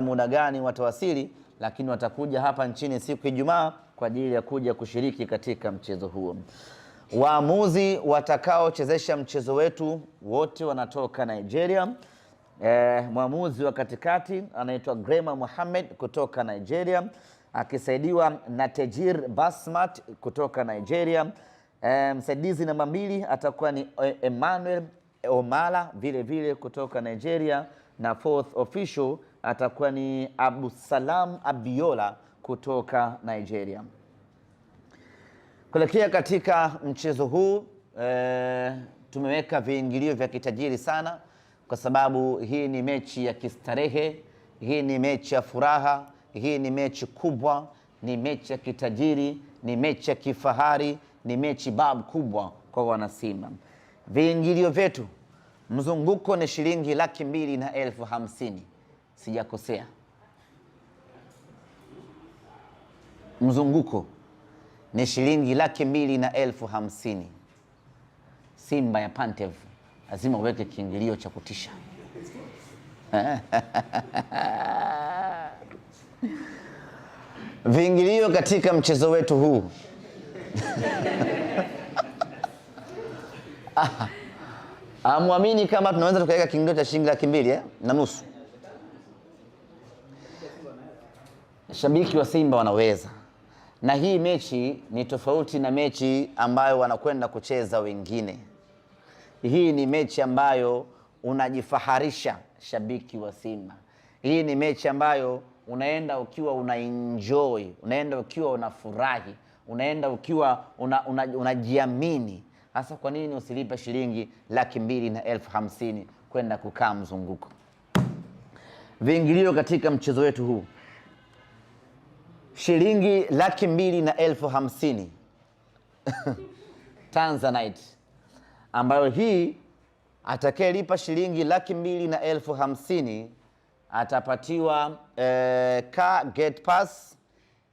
muda gani watawasili, lakini watakuja hapa nchini siku ya Ijumaa kwa ajili ya kuja kushiriki katika mchezo huo. Waamuzi watakaochezesha mchezo wetu wote wanatoka Nigeria. E, mwamuzi wa katikati anaitwa Grema Mohamed kutoka Nigeria akisaidiwa na Tejir Basmat kutoka Nigeria. E, msaidizi namba mbili atakuwa ni e-, Emmanuel Omala vile vile kutoka Nigeria na fourth official atakuwa ni Abdusalam Abiola kutoka Nigeria. Kuelekea katika mchezo huu e, tumeweka viingilio vya kitajiri sana, kwa sababu hii ni mechi ya kistarehe, hii ni mechi ya furaha, hii ni mechi kubwa, ni mechi ya kitajiri, ni mechi ya kifahari, ni mechi babu kubwa kwa wanasimba. Viingilio vyetu mzunguko ni shilingi laki mbili na elfu hamsini sijakosea. Mzunguko ni shilingi laki mbili na elfu hamsini. Simba ya Pantev lazima uweke kiingilio cha kutisha. Viingilio katika mchezo wetu huu ah, ah, amwamini kama tunaweza tukaweka kiingilio cha shilingi laki mbili eh, na nusu Shabiki wa Simba wanaweza, na hii mechi ni tofauti na mechi ambayo wanakwenda kucheza wengine. Hii ni mechi ambayo unajifaharisha shabiki wa Simba. Hii ni mechi ambayo unaenda ukiwa una enjoy, unaenda ukiwa unafurahi, unaenda ukiwa unajiamini una, una hasa. Kwa nini usilipe shilingi laki mbili na elfu hamsini kwenda kukaa mzunguko? Viingilio katika mchezo wetu huu shilingi laki mbili na elfu hamsini Tanzanite, ambayo hii atakayelipa shilingi laki mbili na elfu hamsini atapatiwa eh, car gate pass,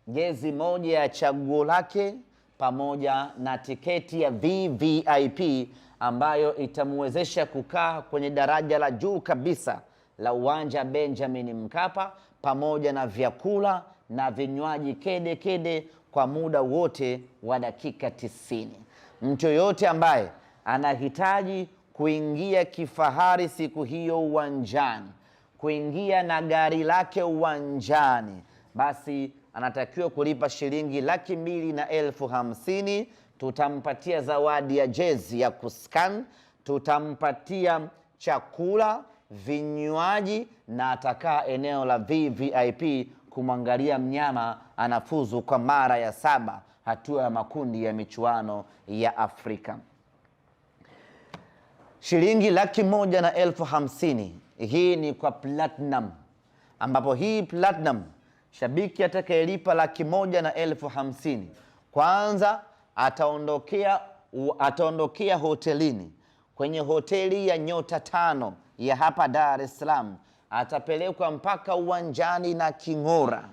jezi moja ya chaguo lake pamoja na tiketi ya VVIP ambayo itamwezesha kukaa kwenye daraja la juu kabisa la uwanja Benjamin Mkapa pamoja na vyakula na vinywaji kede kede kwa muda wote wa dakika tisini. Mtu yoyote ambaye anahitaji kuingia kifahari siku hiyo uwanjani, kuingia na gari lake uwanjani, basi anatakiwa kulipa shilingi laki mbili na elfu hamsini. Tutampatia zawadi ya jezi ya kuskan, tutampatia chakula, vinywaji na atakaa eneo la VVIP kumwangalia mnyama anafuzu kwa mara ya saba hatua ya makundi ya michuano ya Afrika. Shilingi laki moja na elfu hamsini hii ni kwa platinum, ambapo hii platinum shabiki atakayelipa laki moja na elfu hamsini kwanza ataondokea ataondokea hotelini kwenye hoteli ya nyota tano ya hapa Dar es Salaam atapelekwa mpaka uwanjani na king'ora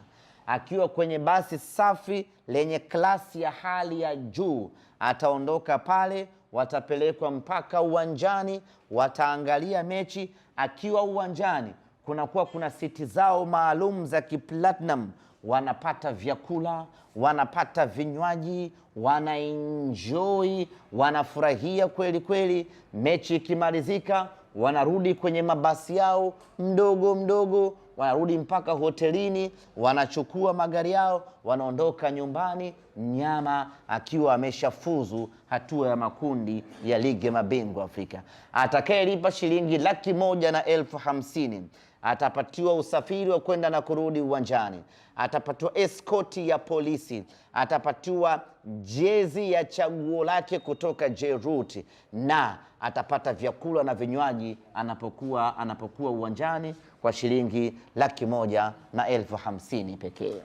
akiwa kwenye basi safi lenye klasi ya hali ya juu. Ataondoka pale, watapelekwa mpaka uwanjani, wataangalia mechi. Akiwa uwanjani, kunakuwa kuna siti zao maalum za kiplatinum, wanapata vyakula, wanapata vinywaji, wanaenjoi, wanafurahia kweli kweli. Mechi ikimalizika wanarudi kwenye mabasi yao mdogo mdogo, wanarudi mpaka hotelini, wanachukua magari yao, wanaondoka nyumbani, mnyama akiwa ameshafuzu hatua ya makundi ya ligi ya mabingwa Afrika. Atakayelipa shilingi laki moja na elfu hamsini atapatiwa usafiri wa kwenda na kurudi uwanjani, atapatiwa eskoti ya polisi, atapatiwa jezi ya chaguo lake kutoka Jeruti, na atapata vyakula na vinywaji anapokuwa anapokuwa uwanjani kwa shilingi laki moja na elfu hamsini pekee.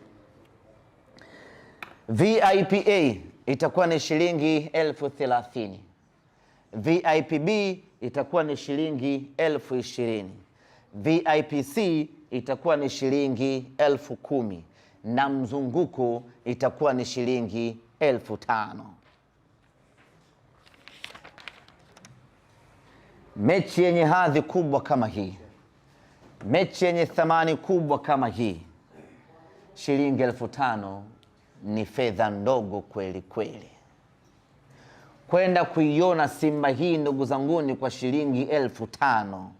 VIPA itakuwa ni shilingi elfu thelathini. VIPB itakuwa ni shilingi elfu ishirini. VIPC itakuwa ni shilingi elfu kumi na mzunguko itakuwa ni shilingi elfu tano. Mechi yenye hadhi kubwa kama hii, mechi yenye thamani kubwa kama hii, shilingi elfu tano ni fedha ndogo kweli kweli. Kwenda kuiona Simba hii ndugu zanguni, kwa shilingi elfu tano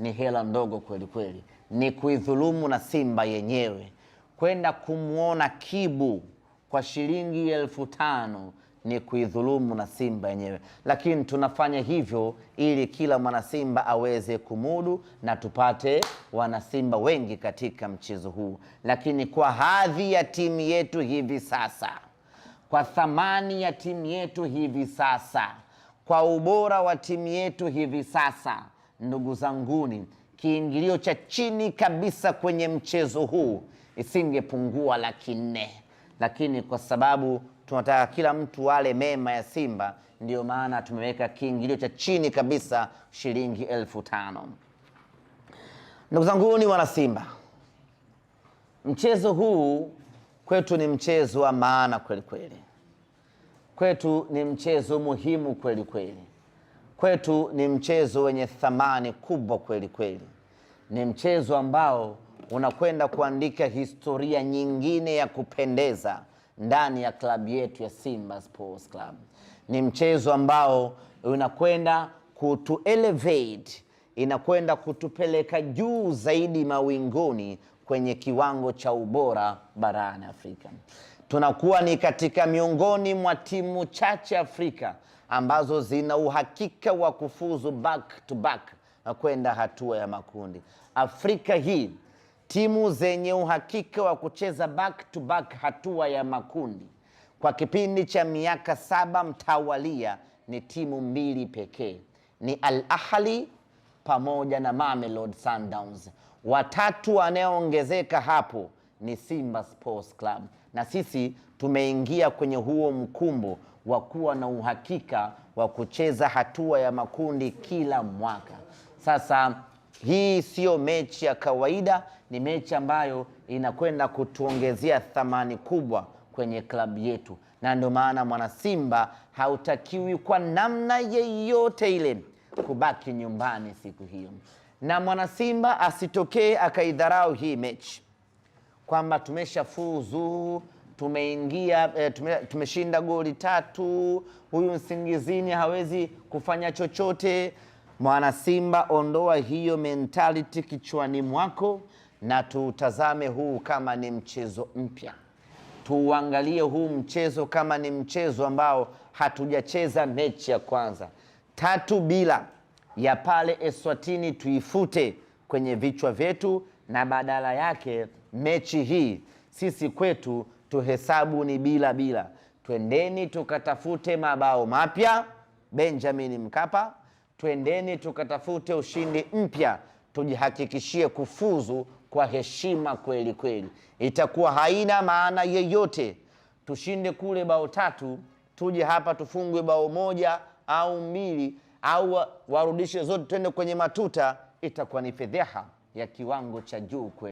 ni hela ndogo kweli kweli, ni kuidhulumu na Simba yenyewe. Kwenda kumwona Kibu kwa shilingi elfu tano ni kuidhulumu na Simba yenyewe, lakini tunafanya hivyo ili kila mwanasimba aweze kumudu na tupate wanasimba wengi katika mchezo huu. Lakini kwa hadhi ya timu yetu hivi sasa, kwa thamani ya timu yetu hivi sasa, kwa ubora wa timu yetu hivi sasa ndugu zanguni, kiingilio cha chini kabisa kwenye mchezo huu isingepungua laki nne, lakini kwa sababu tunataka kila mtu ale mema ya Simba, ndiyo maana tumeweka kiingilio cha chini kabisa shilingi elfu tano. Ndugu zanguni, wana Simba, mchezo huu kwetu ni mchezo wa maana kweli kweli, kwetu ni mchezo muhimu kweli kweli kwetu ni mchezo wenye thamani kubwa kweli kweli. Ni mchezo ambao unakwenda kuandika historia nyingine ya kupendeza ndani ya klabu yetu ya Simba Sports Club. Ni mchezo ambao unakwenda kutu elevate, inakwenda kutupeleka juu zaidi mawinguni kwenye kiwango cha ubora barani Afrika. Tunakuwa ni katika miongoni mwa timu chache Afrika ambazo zina uhakika wa kufuzu back to back na kwenda hatua ya makundi. Afrika hii timu zenye uhakika wa kucheza back to back hatua ya makundi kwa kipindi cha miaka saba mtawalia ni timu mbili pekee, ni Al ahli pamoja na Mamelodi Sundowns. Watatu wanaoongezeka hapo ni Simba Sports Club na sisi tumeingia kwenye huo mkumbo wa kuwa na uhakika wa kucheza hatua ya makundi kila mwaka. Sasa hii siyo mechi ya kawaida, ni mechi ambayo inakwenda kutuongezea thamani kubwa kwenye klabu yetu, na ndio maana mwanasimba hautakiwi kwa namna yeyote ile kubaki nyumbani siku hiyo, na mwanasimba asitokee akaidharau hii mechi kwamba tumeshafuzu tumeingia e, tume, tumeshinda goli tatu, huyu msingizini hawezi kufanya chochote. Mwana Simba, ondoa hiyo mentality kichwani mwako na tuutazame huu kama ni mchezo mpya, tuuangalie huu mchezo kama ni mchezo ambao hatujacheza mechi ya kwanza. Tatu bila ya pale Eswatini tuifute kwenye vichwa vyetu na badala yake mechi hii sisi kwetu tuhesabu ni bila bila. Twendeni tukatafute mabao mapya Benjamin Mkapa, twendeni tukatafute ushindi mpya, tujihakikishie kufuzu kwa heshima kweli kweli. Itakuwa haina maana yeyote tushinde kule bao tatu, tuje hapa tufungwe bao moja au mbili au warudishe zote, twende kwenye matuta. Itakuwa ni fedheha ya kiwango cha juu kweli.